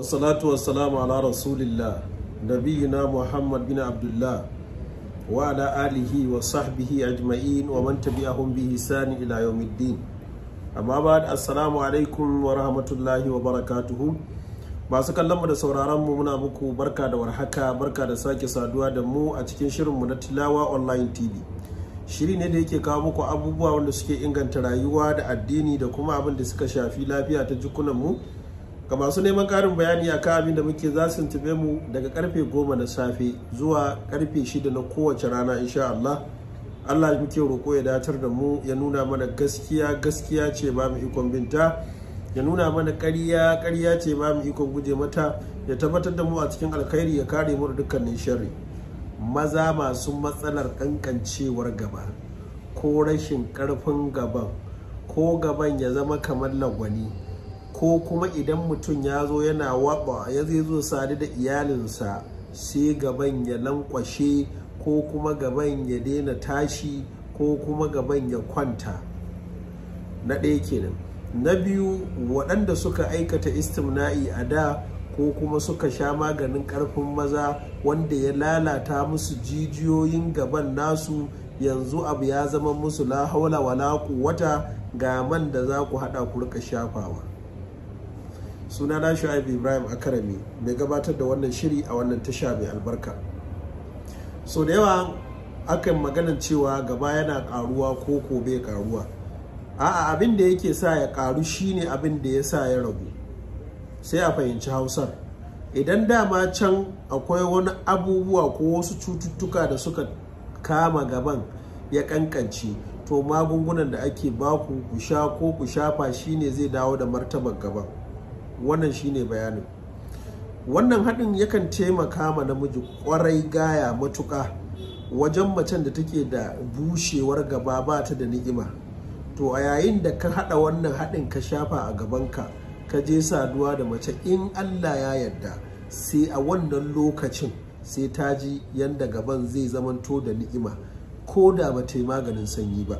wasalatu wasalamu ala rasulillah nabiyina muhammad bin abdullah wa ala alihi wa sahbihi ajma'in wa man tabi'ahum bi ihsani ila yawmiddin amma ba da assalamu alaikum wa rahmatullahi wa barakatuhu masu kallon mu da sauraron mu muna muku barka da warhaka barka da sake saduwa da mu a cikin shirin mu na tilawa online tv shiri ne da yake kawo muku abubuwa wanda suke inganta rayuwa da addini da kuma abin da suka shafi lafiya ta jikunan mu ga masu neman karin bayani a kan abin da muke za su mu daga karfe goma na safe zuwa karfe shida na kowace rana insha Allah Allah muke roko ya datar da mu ya nuna mana gaskiya gaskiya ce ba mu ikon binta ya nuna mana ƙarya ƙarya ce ba mu ikon guje mata ya tabbatar da mu a cikin alkhairi ya kare mu da dukkanin sharri maza masu matsalar kankancewar gaba ko rashin karfin gaban ko gaban ya zama kamar lagwani ko kuma idan mutum ya zo yana waba ya zai zo sadu da iyalinsa sai gaban ya lankwashe ko kuma gaban ya daina tashi ko kuma gaban ya kwanta na ɗaya kenan na biyu waɗanda suka aikata istimna'i a da ko kuma suka sha maganin ƙarfin maza wanda ya lalata musu jijiyoyin gaban nasu yanzu abu ya zama musu la haula wala quwwata ga man da za ku haɗa ku rika shafawa Suna sunana shu'aib ibrahim akarami mai gabatar da wannan shiri a wannan tasha mai albarka so da yawa akan maganan cewa gaba yana karuwa ko ko bai karuwa a'a abin da yake sa ya karu shine abin da ya sa ya ragu sai a fahimci hausar idan dama can akwai wani abubuwa ko wasu cututtuka da suka kama gaban ya kankance to magungunan da ake baku ku sha ko ku shafa shine zai dawo da martabar gaban wannan shine bayanin wannan haɗin yakan taimaka ma namiji kwarai gaya matuƙa wajen macen da take da bushewar gaba ba ta da ni'ima to a yayin da ka haɗa wannan haɗin ka shafa a gabanka ka je saduwa da mace in allah ya yarda sai a wannan lokacin sai ta ji yadda gaban zai zamanto da ni'ima ko da ba ta yi maganin sanyi ba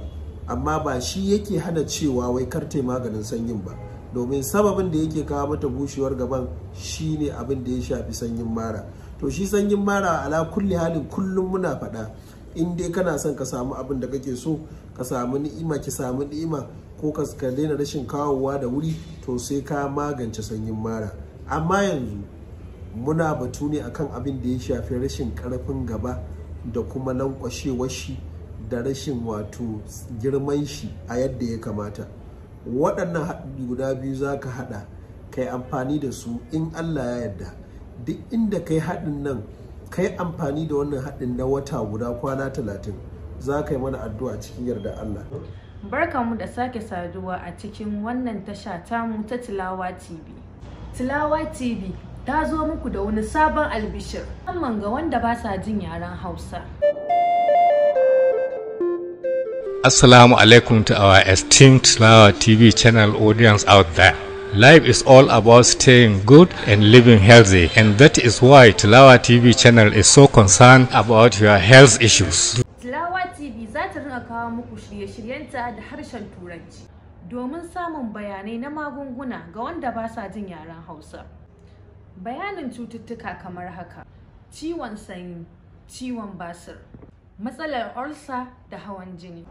amma ba shi yake hana cewa wai kar ta yi maganin sanyin ba domin sababin da yake kawo mata bushewar gaban shine abin da ya shafi sanyin mara to shi sanyin mara ala kulli halin kullum muna faɗa in dai kana son ka samu abin da kake so ka samu ni'ima ki samu ni'ima ko ka daina rashin kawowa da wuri to sai ka magance sanyin mara amma yanzu muna batu ne akan abin da ya shafi rashin karfin gaba da kuma lankwashewar shi da rashin wato girman shi a yadda ya kamata waɗannan haɗi guda biyu za ka haɗa kai amfani da su in Allah ya yarda duk inda kai haɗin nan kai amfani da wannan haɗin na wata guda kwana talatin za ka yi mana addu'a cikin yarda Allah. Barkanmu da sake saduwa a cikin wannan tasha tamu ta Tilawa TV. Tilawa TV ta zo muku da wani sabon albishir, musamman ga wanda ba sa jin yaren Hausa. Assalamu alaikum to our esteemed Flower TV channel audience out there. Life is all about staying good and living healthy, and that is why Tilawa TV channel is so concerned about your health issues. Tilawa TV za ta rinka kawo muku shirye-shiryenta da harshen Turanci domin samun bayanai na magunguna ga wanda ba sa jin yaren Hausa. Bayanin cututtuka kamar haka: ciwon sanyi, ciwon basir, matsalar olsa da hawan jini.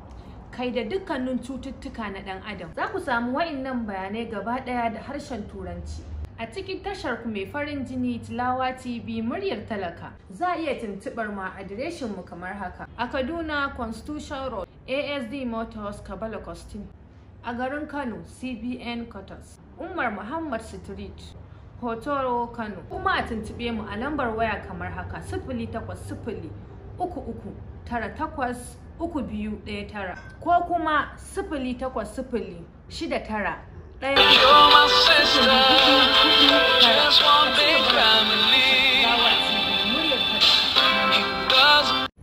kai da dukkanin cututtuka na ɗan adam za ku samu wa'innan bayanai gaba ɗaya da harshen turanci a cikin tashar ku mai farin jini tilawa tv muryar talaka za a iya tuntuɓar mu a adireshin mu kamar haka a kaduna constitution road asd motors kabala costume a garin kano cbn cutters umar muhammad street hotoro kano kuma a tuntuɓe mu a lambar waya kamar haka sifili takwas sifili uku uku tara takwas uku biyu ɗaya tara ko kuma sifili takwas sifili shida tara ɗaya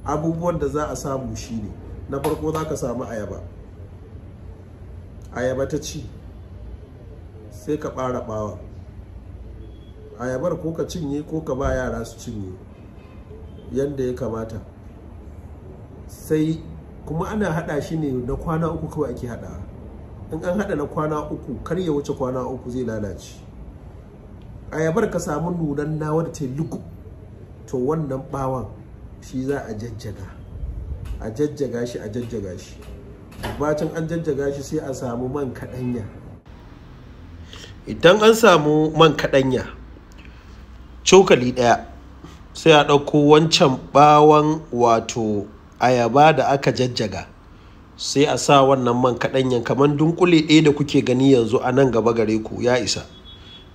abubuwan da za a samu shine na farko za ka samu ayaba ayaba ta ci sai ka ɓara ɓawa ayabar ko ka cinye ko ka ba yara su cinye yadda ya kamata sai kuma ana hada shi ne na kwana uku kawai ake hada in an hada na kwana uku kar ya wuce kwana uku zai lalace ayabar ka samu nunan nawa da ta lugu to wannan bawan shi za a jajjaga a jajjaga shi a jajjaga shi bacin an jajjaga shi sai a samu man kaɗanya idan an samu man kaɗanya cokali ɗaya sai a ɗauko wancan bawan wato ayaba da aka jajjaga sai a sa wannan man kaɗan yan kamar dunkule ɗaya da kuke gani yanzu a nan gaba gare ku ya isa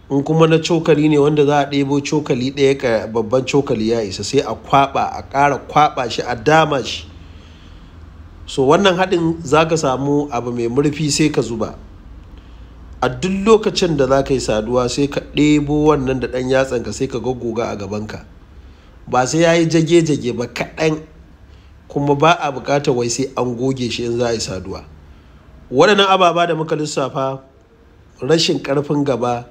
in kuma na cokali ne wanda za a ɗebo cokali ɗaya ka babban cokali ya isa sai a kwaɓa a ƙara kwaɓa shi a dama shi so wannan haɗin za ka samu abu mai murfi sai ka zuba a duk lokacin da za ka yi saduwa sai ka ɗebo wannan da ɗan yatsanka sai ka goggoga a gabanka ba sai ya yi jage-jage ba kaɗan kuma ba a bukatar wai sai an goge shi in za a yi saduwa waɗannan ababa da muka lissafa rashin ƙarfin gaba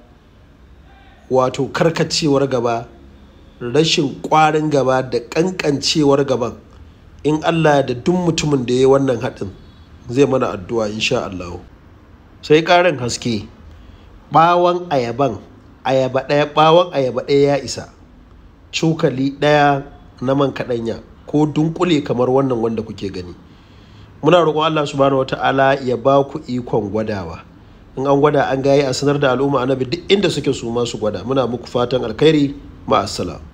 wato karkacewar gaba rashin ƙwarin gaba da ƙanƙancewar gaban in allah da duk mutumin da ya yi wannan haɗin zai mana addu'a insha allahu sai ƙarin haske ɓawon ayaban ayaba ɗaya ɓawon ayaba ɗaya ya isa cokali ɗaya na man kaɗanya ko dunkule kamar wannan wanda kuke gani muna roƙon Allah subhanahu wata'ala ya ba ku ikon gwadawa in an gwada an gaye a sanar da al'umma annabi duk inda suke su ma su gwada muna muku fatan alkhairi ma'asala